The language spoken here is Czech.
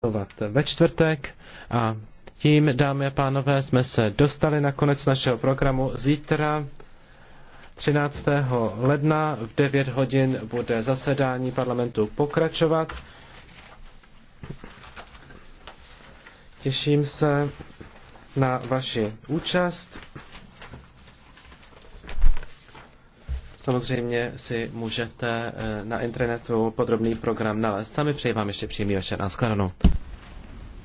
pracovat ve čtvrtek a tím, dámy a pánové, jsme se dostali na konec našeho programu. Zítra 13. ledna v 9 hodin bude zasedání parlamentu pokračovat. Těším se na vaši účast. Samozřejmě si můžete eh, na internetu podrobný program nalézt. Sami přeji vám ještě příjemný večer a shledanou.